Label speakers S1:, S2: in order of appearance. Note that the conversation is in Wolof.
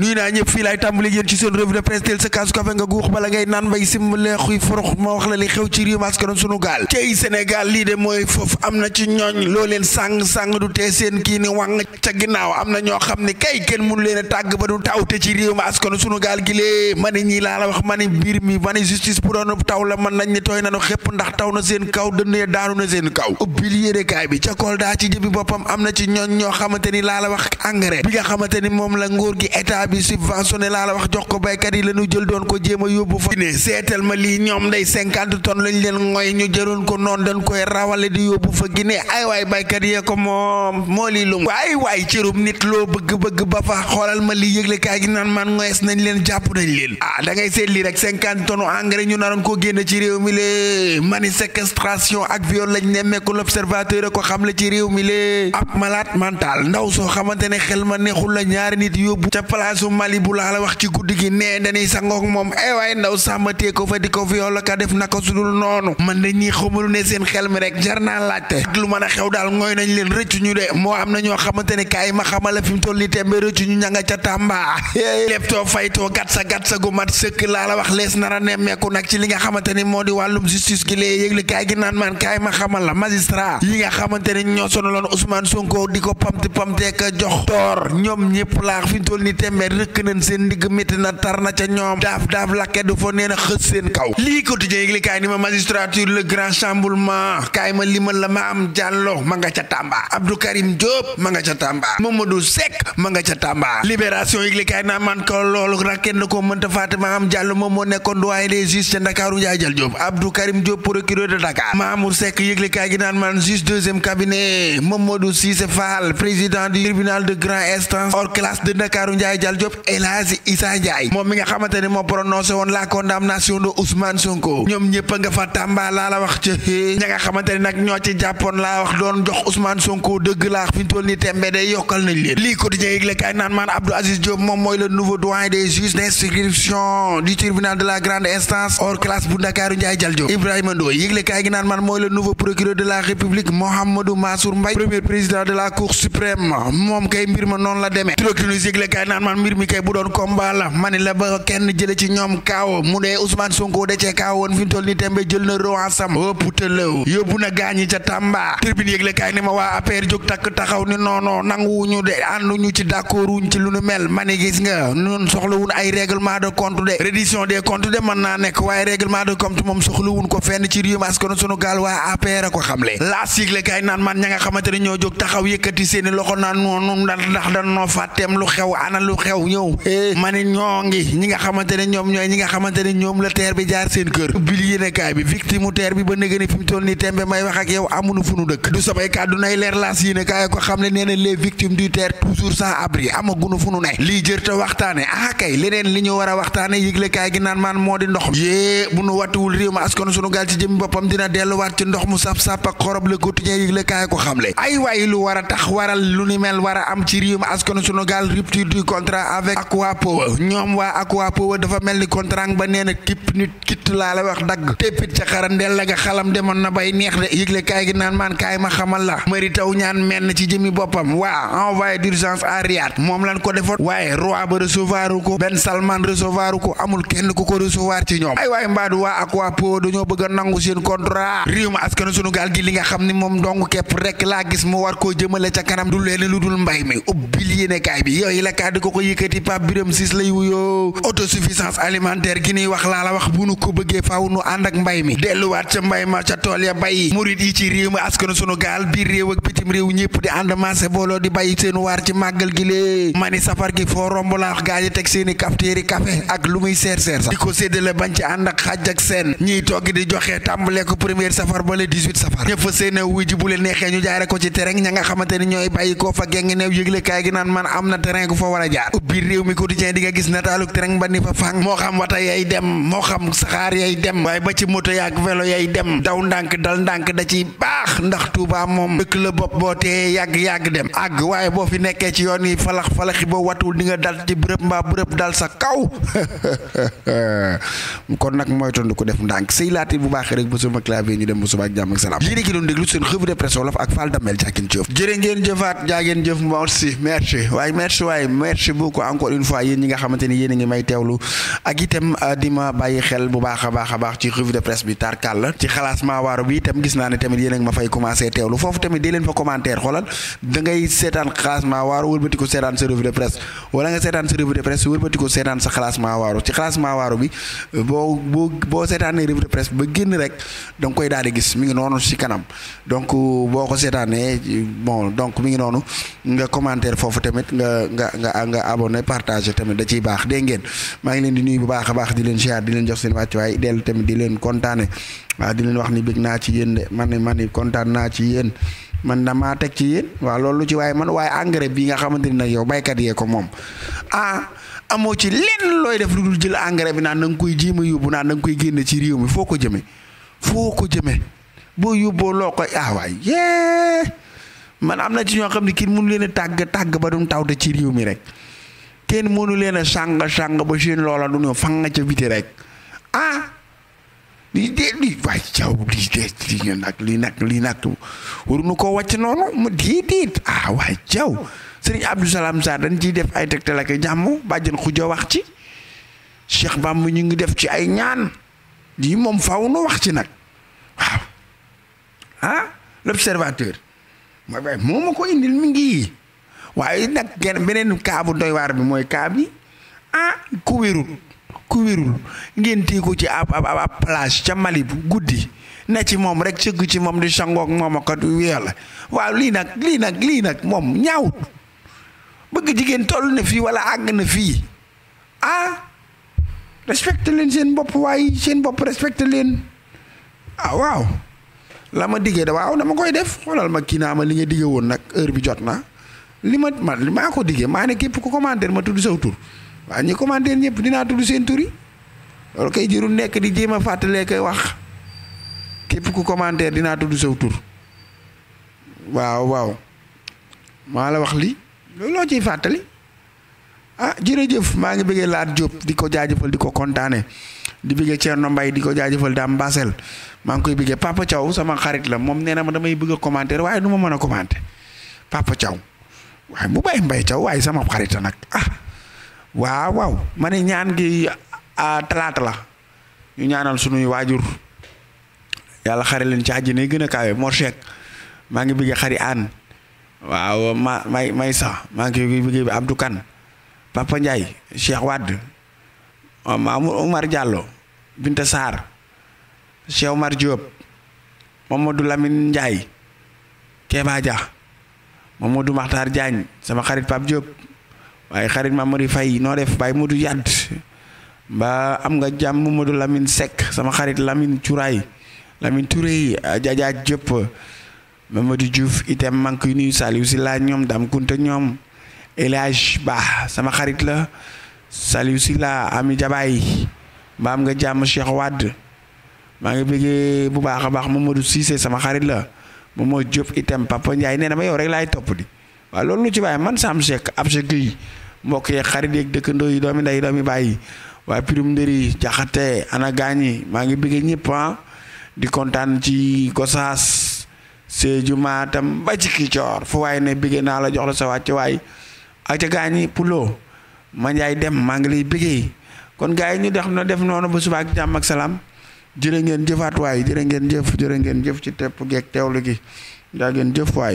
S1: nuy naa ñëpp fii laay tàmbali yéen ci seen revue de presse teel sa kaasu kafe nga guux bala ngay naan mbay sim leexuy forux ma wax la li xew ci réew mi sunu gaal cey Sénégal lii de mooy foofu am na ci ñooñ loo leen sàng-sàng du tee seen kii ni wàng ca ginnaaw am na ñoo xam ne kay kenn mun leen a tàgg ba du tawte ci réew mi sunu gaal gi lee ma ne ñii laa la wax ma ne mbir mi ma ne justice bu doon taw la mën nañ ne tooy nanu xépp ndax taw na seen kaw dënne daanu na seen kaw ubbil yéenekaay bi ca Kolda ci jëbi boppam am na ci ñooñ ñoo xamante ni laa la wax engrais bi nga xamante ni moom la nguur gi état état bi subventionné laa la wax jox ko baykat yi la ñu jël doon ko jéem a yóbbu fa ne seetal ma lii ñoom day cinquante tonnes lañ leen mooy ñu jëroon ko noonu dañ koy rawale di yóbbu fa Guinée ay waay baykat yee ko moom moo lii lum waay waay cërub nit loo bëgg-bëgg ba fa xoolal ma lii yëgle kaay gi naan man ngoyes nañ leen jàpp nañ leen ah da ngay seet lii rek cinquante tonnes engrais ñu naroon koo génn ci réew mi lée mani séquestration ak viol lañ nemmeeku l'observateur ko xam la ci réew mi lée ab malade mental ndaw soo xamante ne xel ma neexul la ñaari nit yóbbu ca place plage Mali bu laa la wax ci guddi gi nee dañuy sangoog moom ay eh waaye ndaw sàmmatee ko fa di ko fi yolla def na ko sudul noonu man dañuy xamalu ne seen xel nañ leen rëccu ñu de moo am na ñoo xamante ne kaay ma xamala fi mu toll nii tembe rëccu ñu ña nga ca Tamba leptoo faytoo gat sa gat sa gu mat sëkk laa la wax lees nar a nemmeeku nag ci li nga xamante ni moo di wàllum justice gi lee yëgle kaay gi naan maan kaay ma xamal la magistrat yi nga xamante ni ñoo sonaloon Ousmane Sonko di ko pamti pamteeka jox toor ñoom ñëpp ne rëkk nañ seen ndigg métti na tar na ca ñoom daaf daaf lakke du fa nee xës seen kaw lii quotidien yëgle kaay ni ma magistrature le grand chamboulement kaay ma limal la ma am jàllo ma nga ca Tamba Abdou Karim ma nga ca Tamba Mamadou Seck ma nga ca Tamba libération yëgle kaay naa man ko loolu nag kenn mënta fàtte ma am jàllo moom moo nekkoon doyen des juges ca Ndakaaru Njaajal Diop Abdou Karim Diop procureur de Dakar Mamour Seck yëgle kaay Sénégal Diop El Hadji Issa Ndiaye moom mi nga xamante moo prononcé woon la condamnation de Ousmane Sonko ñoom ñëpp a nga fa tàmba laa la wax ca xée ña nga xamante nag ñoo ci jàppoon laa wax doon jox Ousmane Sonko dëgg laa fi ñu toll nii yokkal nañ leen lii quotidien yëgle kaay naan maan Abdou Aziz Diop moom mooy le nouveau doyen des juges d'instruction du tribunal de la grande instance hors classe bu Ndakaaru Ndiaye Dial Diop Ibrahima Ndoye yëgle kaay gi mbir mi kay bu doon ma waa APR jóg takk taxaw ni noono nanguwuñu de ànduñu ci d'accord wuñ ci lu nu mel mani gis nga ñun soxlawun ay règlement de compte de reddition des comptes de mën naa nekk waaye règlement de compte moom soxlawun ko fenn ci réew mi askan sunu gaal waa APR a ko xamle laas yëgle kaay naan man ña nga ñoo jóg taxaw yëkkati seeni loxo naan noonu ndax dañ noo fàtteem lu xew ana lu xew xew ñëw eh ma ne ñoo ngi ñi nga xamante ne ñoom ñooy ñi nga xamante ne ñoom la teer bi jaar seen kër ubbil yéenekaay bi victime teer bi ba nega ni fi mu toll may wax ak yow amunu fu nu dëkk du samay kàddu nay leer laas yéenekaay ko xam ne nee na les victimes du terre toujours sans abri amagunu fu nu ne lii jër te waxtaane ah kay leneen li ñu war a waxtaane yëglekaay gi naan maan moo di ndox mi yée bu nu wattuwul réew ma askan sunu a a sunu gaal contrat avec Aqua Power ñoom waa Aqua Power dafa mel ni contrat ba nee na kipp nit kitt laa la wax dagg téppit ca xarandel la nga xalam demoon na bay neex de yëgle kaay gi naan maan kaay ma xamal la mari taw ñaan mel ci jëmmi boppam waa envoyé d'urgence à moom lan ko defoon waaye roi ba recevoir ko Ben Salman recevoir ko amul kenn ku ko recevoir ci ñoom ay waaye mbaadu waa Aqua Power dañoo bëgg a nangu seen contrat réew mi askanu sunu gaal gi li nga xam ni moom dong kepp rek laa gis mu war koo jëmale ca kanam du leen lu dul mbay yëkkati Pape Birame Ciss lay wuyoo autosuffisance alimentaire gi nuy wax laa la wax bu nu ko bëggee faaw nu ànd ak mbay mi delluwaat ca mbay ma ca tool ya bay murit yi ci réew mi askanu sunu gaal biir réew ak bitim réew ñëpp di ànd maase booloo di bay seen waar ci màggal gi lée mani safar gi foo romb laa wax teg seeni kaftéeri café ak lu muy seer seer sax di ko séddale bañ ci ànd ak xaj ak seen ñiy togg di joxe tàmbalee ko première safar ba le a jaar ubbi réew mi quotidien di nga gis nataaluk tereng ba ni fa fang moo xam wata yay dem moo xam saxaar yay dem waaye ba ci moto yaak vélo yay dem daw ndànk dal ndànk da ci baax ndax Touba moom dëkk la bopp boo tee yàgg-yàgg dem àgg waaye boo fi nekkee ci yoon yi falax-falaxi boo watul di nga dal ci bërëb mbaa bërëb dal sa kaw kon nag mooy tondu ko def ndànk sëy laati bu baax rek ba sama clavier ñu dem ba jàmm ak salaam lii dégg doon déglu seen revue de presse wolof ak Fall Damel jaa ngeen jëf jërë ngeen jëfaat jaa ngeen jëf beaucoup encore une fois yéen ñi nga xamante ni yéen a may teewlu ak itam euh, di ma bàyyi xel bu baax a baax a baax ci revue de presse bi tarkal la ci xalaas maa waaru bi itam gis naa ne tamit yéen a ma fay commencé teewlu foofu tamit di leen fa commentaire xoolal da seetaan xalaas maa waaru wëlbati ko ko seetaan sa xalaas maa waaru ci xalaas maa waaru bi boo boo boo seetaanee revue de presse ba génn rek da koy daal gis mi ngi noonu ci kanam donc abonné partagé tamit da ciy baax dégg ngeen maa ngi leen di nuy bu baax a baax di leen siyaar di leen jox seen wàccuwaay dellu tamit di leen kontaane waaw di leen wax ni bëgg naa ci yéen de man ne man ni kontaan naa ci yéen man na maa teg ci yéen waaw loolu ci waaye man waaye engrais bii nga xamante ni nag yow baykat yee ko moom ah amoo ci lenn looy def lu dul jël engrais bi naan da nga koy jéem a yóbbu naan da nga koy génne ci réew mi foo ko jëmee foo ko jëmee boo yóbboo loo koy ah waay yee man am na ci ñoo xam ne kii leen a tàgg tàgg ba dum tawte ci réew mi rek kenn mënu leen a sàng sàng ba seen loola du ñu fan nga ca biti rek ah lii de lii waaye jaww lii de lii nag lii nag lii nag waruñu ko wàcc noonu mu déedéet ah waaye jaww sëriñ Abdou Salam Sarr dañ ciy def ay tegtal ak jàmm bàjjen xujo wax ci Cheikh Bamba ñu ngi def ci ay ñaan lii moom faw nu wax ci nag waaw ah l'observateur ma ma ko indil mi ngi. waaye nag genn beneen kaa bu doy waar bi mooy kaa bi ah ku wérul ngeen téye ci ab ab ab plage ca Malibu guddi ne ci moom rek sëgg ci moom di sangoog moom ak wéyal waaw lii nag lii nag lii nag moom ñaawut bëgg jigéen toll na fii wala àgg na fii ah respecté leen seen bopp waaye seen bopp respecté leen ah waaw la ma diggee da waaw dama koy def xoolal ma kii ma li nga diggee woon nag heure bi jot na li ma ma li maa ko diggee maa ne képp ku commentaire ma tudd saw tur waa ñi commentaire ñëpp dinaa tudd seen tur yi loolu kay nekk di jéem a fàttalee koy wax képp ku commentaire dinaa tudd saw tur waaw waaw maa la wax li loolu loo ciy fàttali ah jërëjëf maa ngi bëggee Laat Diop di ko jaajëfal di ko kontaane di bëggee Thierno di ko jaajëfal daam Basel maa ngi koy bëggee Papa Thiaw sama xarit la moom nee na ma damay bëgg a commentaire waaye du ma mën a commenter Papa caw waaye mu bàyyi mbay caw waaye sama xarita nag ah, waaw waaw ma ne ñaan gi talaata la ñu ñaanal sunuy waajur yàlla xare leen ci àjjana yi gën a kaawe maa ngi bëggee xari aan waaw ma may may sax maa ngi bëggee Abdou Kane Papa Ndiaye Cheikh Wade Maam Omar Diallo Binta Sarr Cheikh Omar Diop Mamadou Lamine Ndiaye Keba Dia Mamadou Makhtar Diagne sama xarit Pape Diop waaye xarit ma Mamari Faye noo def Baye Modou Yad mbaa am nga jàmm Modou Lamine Seck sama xarit Lamine Curay Lamine Touré Jaja Diop Mamadou Diouf itam maa ngi koy nuyu si laa ñoom Dame Kunta ñoom El Hadj sama xarit la Saliou Sylla Ami Jabaay mbaa am nga jàmm Cheikh Wade maa ngi bëggee bu baax a baax Mamadou Cissé sama xarit la. moom mooy Diop itam papa Ndiaye nee na ma yow rek laay topp di waaw loolu lu ci bàyyi man saam Seck ab sa guy mbokk yeeg xarit yeeg dëkkandoo yi doomi nday doomi bàyyi waaye pirum ndëri jaxate ana gaañi maa ngi bëggee ñëpp ah di kontaan ci Gosaas Sédhiou Matam ba ci Kicoor fu waaye ne bëggee naa la jox la sa wàcc waay ak ca gaañi Pulo ma Ndiaye dem maa ngi lay bëggee kon gars yi ñu def na def noonu ba subaa ak jàmm ak salaam. jërë ngeen jëfaat waay jërë ngeen jëf jërë ngeen jëf ci tepp geeg teewlu gi jaa ngeen jëf waay